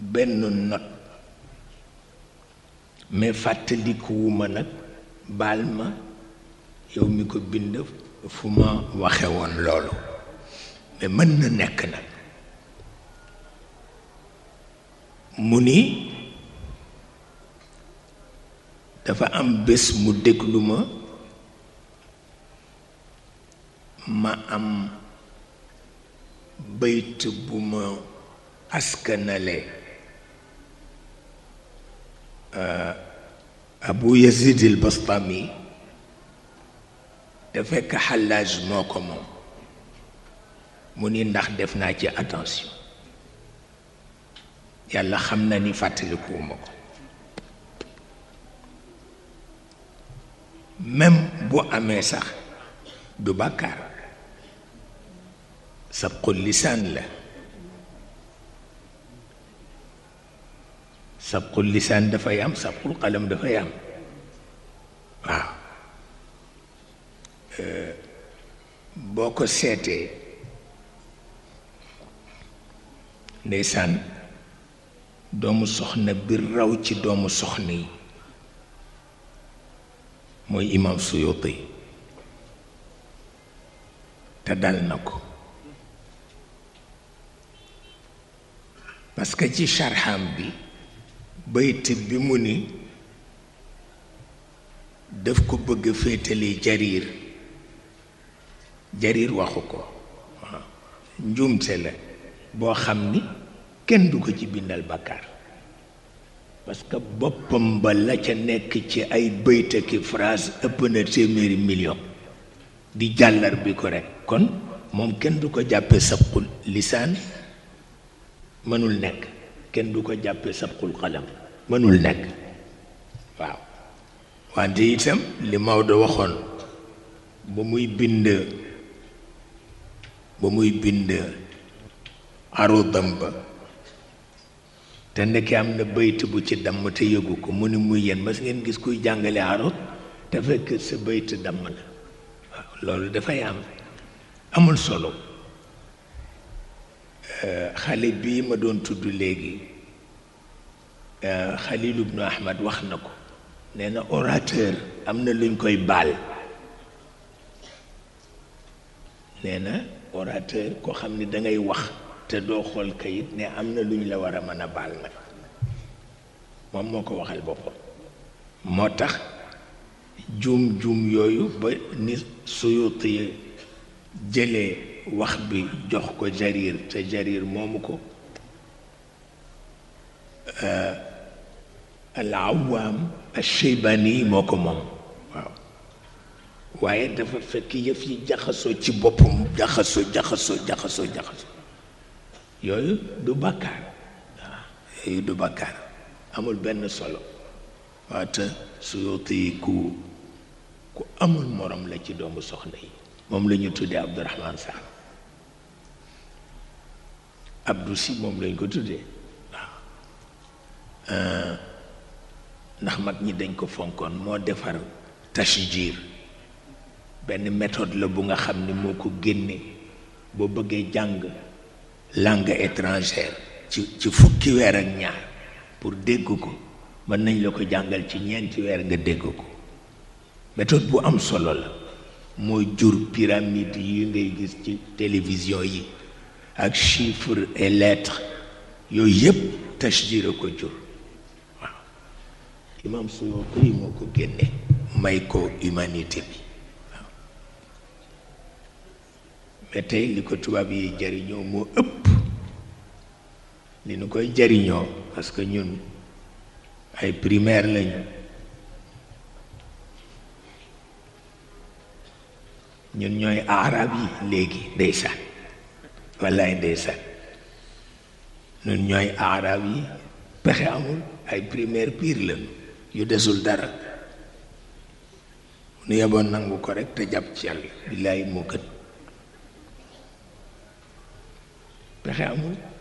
benn not mais fàttalikuwuma nag baal ma yow mi ko bind fu ma waxe woon loolu mais mën na nekk nag mu ni dafa am bés mu déglu ma ma am bayt bu ma askanale Euh, abu yazid al bastami te fekk xallaaj moo ko moom mu ni ndax def naa ci attention yàlla xam na ni fàttalikuwuma ko même bu amee sax du bàkkaar sabqul lisaan la سبق اللسان دفع يام سبق القلم دفع يام واو آه. آه. بوكو سيتي نيسان دوم سخنة بالروج دوم سخنة موي إمام سيوطي تدال نكو باسكو جي شرحان بي bayt bi mu ni daf ko bëgg féetale jariir jariir waxu ko waaw njuumte la boo xam ni kenn du ko ci bindal bàkkaar parce que boppam ba la ca nekk ci ay bayt ak i phrase ëpp na téeméeri million di jàllar bi ko rek kon moom kenn du ko jàppe sabqul lisaan mënul nekk kenn du ko jàppe sabqul qalam mënul nekk waaw wante itam li Maodo waxoon ba muy bind ba muy bind arudam ba te ndeke am na bayt bu ci damm te yëgu ko mu ni muy yéen mas ngeen gis kuy jàngale arud te fekk sa bayt loolu dafay am amul solo xale bi ma doon tudd léegi Khalil ibnu Ahmad wax na ko nee na orateur am na luñ koy baal nee na orateur koo xam ni da ngay wax te doo xool kayit ne am na luñ la war a mën a baal nag moom moo ko waxal boppam moo tax juum juum yooyu ba ni suyuut yi jëlee wax bi jox ko jarir te jarir moomu ko العوام الشيباني moo ko moom waaw waaye dafa fekk yëf yi jaxasoo ci boppam jaxasoo jaxasoo jaxasoo jaxasoo yooyu du bàkkaar waaw yooyu du bàkkaar amul benn solo waaw te Suyuti yi ku ku amul morom la ci doomu soxna yi moom la ñu tuddee Abdourahman Sall Abdou Si moom lañ ko tuddee waaw ndax mag ñi dañ ko fonkoon moo defar tashjir benn méthode la bu nga xam ne moo ko génne boo bëggee jàng langue étrangère ci ci fukki weer ak ñaar pour dégg ko mën nañ la ko jàngal ci ñeenti weer nga dégg ko méthode bu am solo la mooy jur pyramide yi ngay gis ci télévision yi ak chiffre et lettres yooyu yëpp tashjir a ko jur imam Suyuti moo ko génne may ko humanité bi waaw mais tey li ko tubaab yi jariñoo moo ëpp li nu koy jariñoo parce que ñun ay primaire lañu ñun ñooy arab yi léegi ndeysaan wallaay ndeysaan ñun ñooy arab yi pexe amul ay primère piir lañu yu desul dara mu nu yeboon nangu ko rek te jàpp ci yàlla billaay moo gën pexe amul